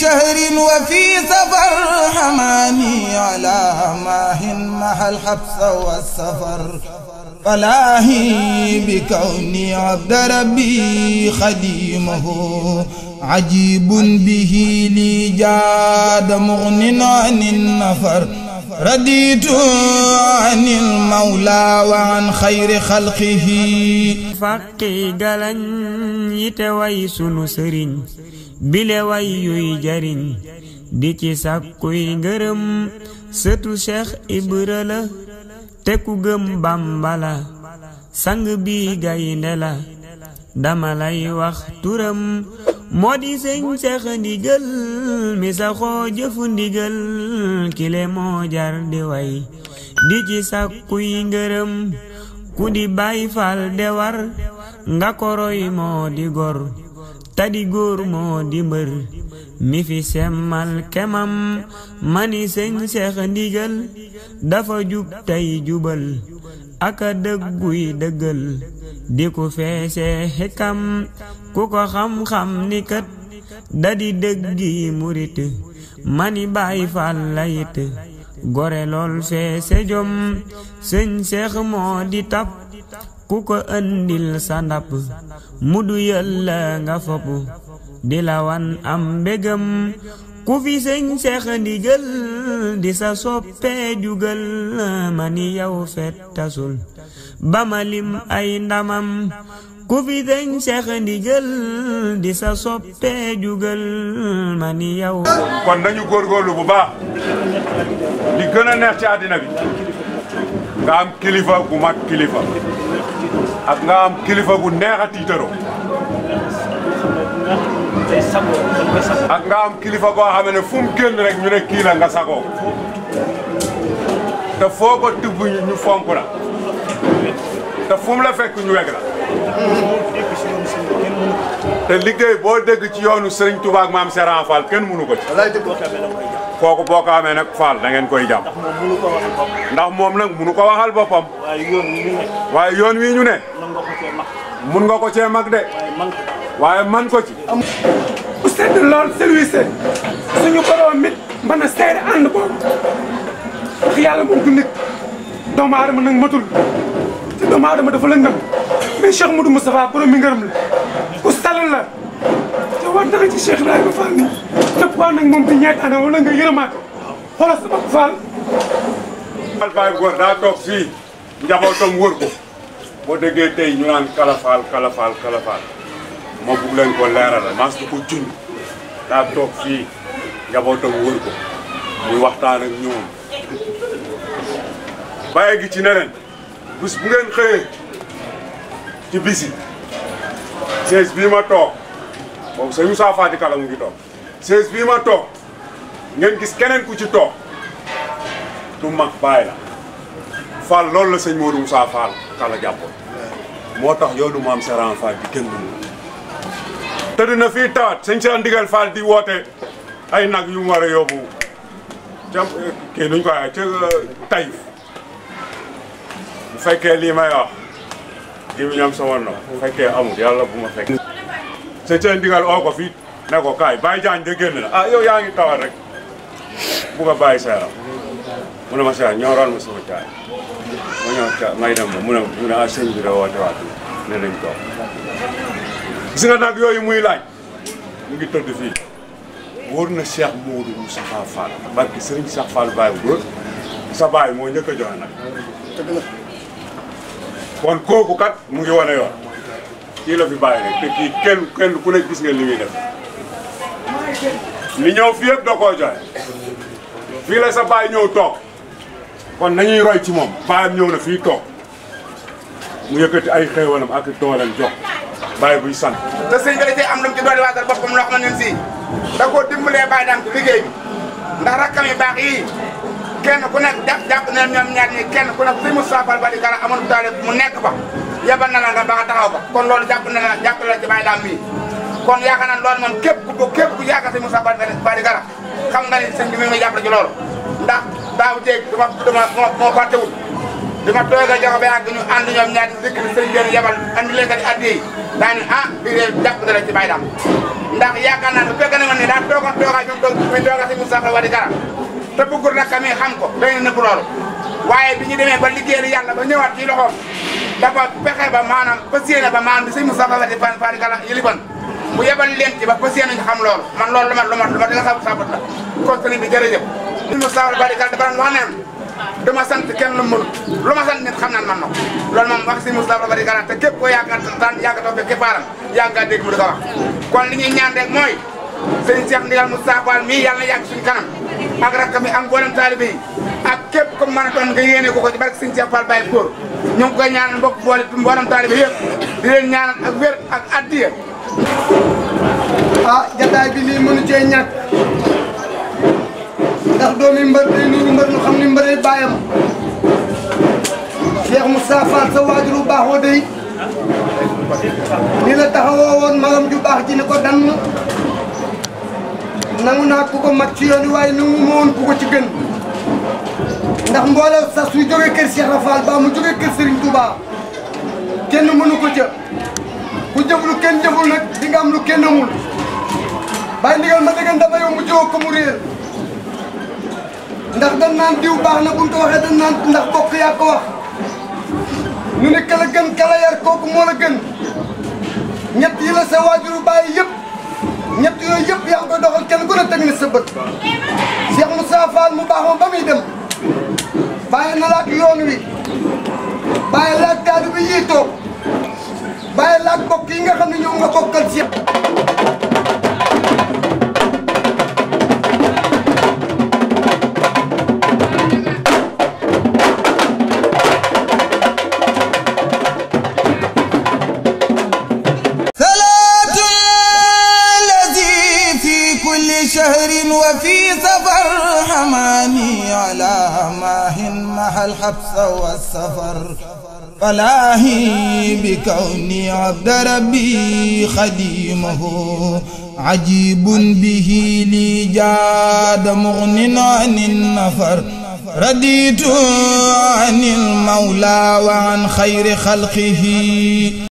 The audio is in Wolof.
شهر وفي سفر حماني على ماه مع الحبس والسفر فلاهي بكوني عبد ربي خديمه عجيب به لي جاد مغن عن النفر رديت عن المولى وعن خير خلقه فقي قلن يتوي سنسرين bile way yuy jariñ di ci sàkkuy ngërëm sëtu cheikh ibra la te ku gëm bàmba la sang bi gaynde la dama lay wax turam moo di sëñ cheikh ndigal mi saxoo jëfu ndigal moo jar di way di ci sàkkuy ngërëm ku di bay fal war nga koroy moo di gor tadi góor moo di mbër mi fi semmal kemam mani sëñ seex ndigal dafa jub tey jubal aka dëgguy dëggal di ku feese xikam ku ko xam-xam ni kat dadi dëggi murit mani baay faal layit gore lool feese jom seex moo di tap ku ko andil sa ndàpp mu du yàlla nga fopp di la wan am mbégam ku fi sëñ seex ndigal di sa soppee jugal ma ni yow fet tasul ba ma lim ay ndamam ku fi sëñ seex ndigal di sa soppee jugal ma ni yow kon dañu góorgóorlu bu baax li gën a neex ci bi nga kilifa gu mag kilifa ak nga am kilifa gu neex a tiitaroo. ak nga am kilifa goo xam ne fu mu rek ñu ne kii la nga sagoo. te foo ko ñu fonk la. te fu la fekk ñu weg la. te liggéey boo dégg ci yoonu Serigne Touba ak maam Serap Fall kenn mënu ko ci. kooku boo ko amee nag faal da ngeen koy jàpp ndax moom nag munu ko waxal boppam waaye yoon wi ñu ne mun nga ko cee mag de waaye man ko ci bu sedd lool selwise suñu borom mit mën a seere ànd boobu ndax yàlla moom du nit doomu aadama nag matul te doomu aadama dafa lëndëm mais Cheikh Modou Moustapha borom mi ngërëm la ku sell la te war naa ci Cheikh Ibrahima Fall nii fois nag moom di ñeent ana wala nga yërëmaat xoolal sama faal. Fall Baye daa toog fii njabootam wër ko boo déggee tey ñu naan kalafaal kalafaal kalafaal ma bugg leen ko leeralal mas ko junj daa toog fii njabootam wër ko muy waxtaan ak ñoom. bàyyi gi ci neneen bis bu ngeen xëyee ci bisi siège bii ma toog boobu sëñ Moussa Kala mu ngi toog chaise bi ma toog ngeen gis keneen ku ci toog du mag bàyyi la Fall loolu la sëñ Modou Moussa Fall kala jàppoon moo tax yow du maam Seraan Fall bi kenn du te dina fii taat sëñ Seraan Ndigal Fall di woote ay nag yu mu war a yóbbu ko waxee ca uh, Taïf bu fekkee lii may wax di ñoom sama nopp bu fekkee amul yàlla bu ma fekk sëñ Seraan Ndigal oo ko ne ko kaay Baye Diagne de génn na ah, yow yaa ngi tawal rek bu ko bàyyi sa mu ne ma sa ñoroon ma sama caay ma ñor caay mu ne mu ne ah sëñ ne nañ toog gis nga nag yooyu muy laaj mu ngi tëdd fii wóor na Cheikh Moudou Moustapha Fall barki sëriñ Cheikh Fall Baye bu góor sa baay moo njëkk a joxe nag kon kooku kat mu ngi wane yoon kii la fi bàyyi rek kii kenn ku ne gis nga li li ñëw fii yëpp fii la sa baay ñëw toog kon nañuy roy ci moom baayam ñëw na fii toog mu yëkkati ay xéewalam ak toolam jox baay buy sant. te sëñ bi da cee am na mu ci doon waatal boppam loo xamante ne sii da koo dimbalee baay daan ci liggéey bi ndax rakkam yu baax yii kenn ku nekk jàpp jàpp na ñoom ñaar ñi kenn ku nekk sëñ Moustapha Fall Badi Kara amoon taale mu nekk ba yebal na la nga ba nga taxaw ba kon loolu jàpp na la jàpp na baay daan kon yaakaar naa loolu moom képp ku képp ku yaakaar sëñ Moussa Badi Gara xam nga ne sëñ bi mi ngi jàppale ci loolu ndax daaw jéeg dama dama moo fàttewul dama toog a jox ba yàgg ñu ànd ñoom ñaari dëkk bi sëñ bi yebal andi leen kat addi yi daa ne ah bii de jàpp na la ci Baye Dame ndax yaakaar naa ne bu fekkee ne ma ne daa toogoon toogaay ñoom doog muy toogaat sëñ Moussa Badi Gara te bëggul nag kami xam ko day nëbb loolu waaye bi ñu demee ba liggéeyal yàlla ba ñëwaat ci loxoom dafa fexe ba maanaam mu yebal leen ci ba ba seen nga xam man loolu lu ma lu ma lu ma dina saabu saabu la kon sëriñ bi jërëjëf mu saabu bari kal dafa wax du ma sant kenn lu mënut lu ma sant nit xam naan man na ko loolu moom wax si Moustapha Bari Garan te tan yàgg toog fekke paaram yàgg mu di ko kon li ñuy ñaan rek mooy sëñ Cheikh Ndigal Moustapha Fall mii yàlla na yàgg suñu kanam ak rakkam yi ak mboolem yi ak képp ko mën a doon nga ko ko ci barke sëñ Cheikh Fall Baye Góor ñu ngi koy ñaanal mbokk ak wér ah jataay bi lii mënu cee ñàkk ndax doomi mbër day nuru mbër lu xam ni mbëray baayam Cheikh Moussa Fall sa waajur bu baax wa day ni la taxawoo woon magam ju baax ji ni ko dann nangu naa ku ko mag ci yoon yi waaye nangu ma woon ci gën ndax mbooloo sax suy jógee kër Cheikh Rafal ba mu jógee kër Serigne Touba kenn mënu ko ca ku jëf lu kenn jëful nag di am lu kenn amul bàyyi ndigal ma dëggan dafa yow mu jiwoo ko mu réer ndax dan naan diw baax na buñ ko waxee ndax bokk yaa ko wax ñu ne kala gën kala kooku moo la gën ñett yi la sa waajuru yëpp ñett yooyu yëpp yaa koy doxal kenn ku ne teg na sa bët Cheikh Moussa mu baax ma ba muy dem bàyyi na laak yoon wi bàyyi laak taalibe bi yii toog waaye laaj mbokk yi nga xam ne ñoom nga bokkal si الحبس والسفر falaahi bi kawni abda rabbi xadimahu ajibun bihi li jaada mugnin anin nafar raditu anil mawla wa an xayri xalqihi